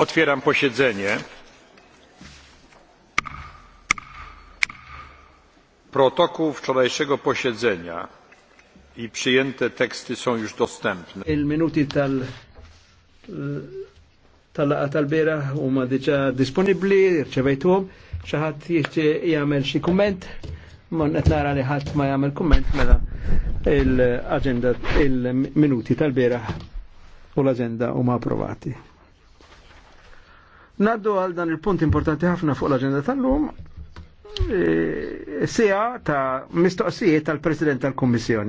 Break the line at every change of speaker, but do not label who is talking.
Otwieram posiedzenie. Protokół wczorajszego posiedzenia i przyjęte teksty są już dostępne.
Il-minuti tal tal-laqa e, tal-bera huma diġà disponibbli, rċevejtuhom, xi ħadd jixtieq jagħmel xi kumment, ma qed nara li ħadd ma jagħmel kumment mela il aġenda il-minuti tal-bera u l-aġenda huma approvati. Naddu għal dan il-punt importanti ħafna fuq l-agenda tal-lum, e, e, sija ta' mistoqsijiet tal-President tal-Kommissjoni.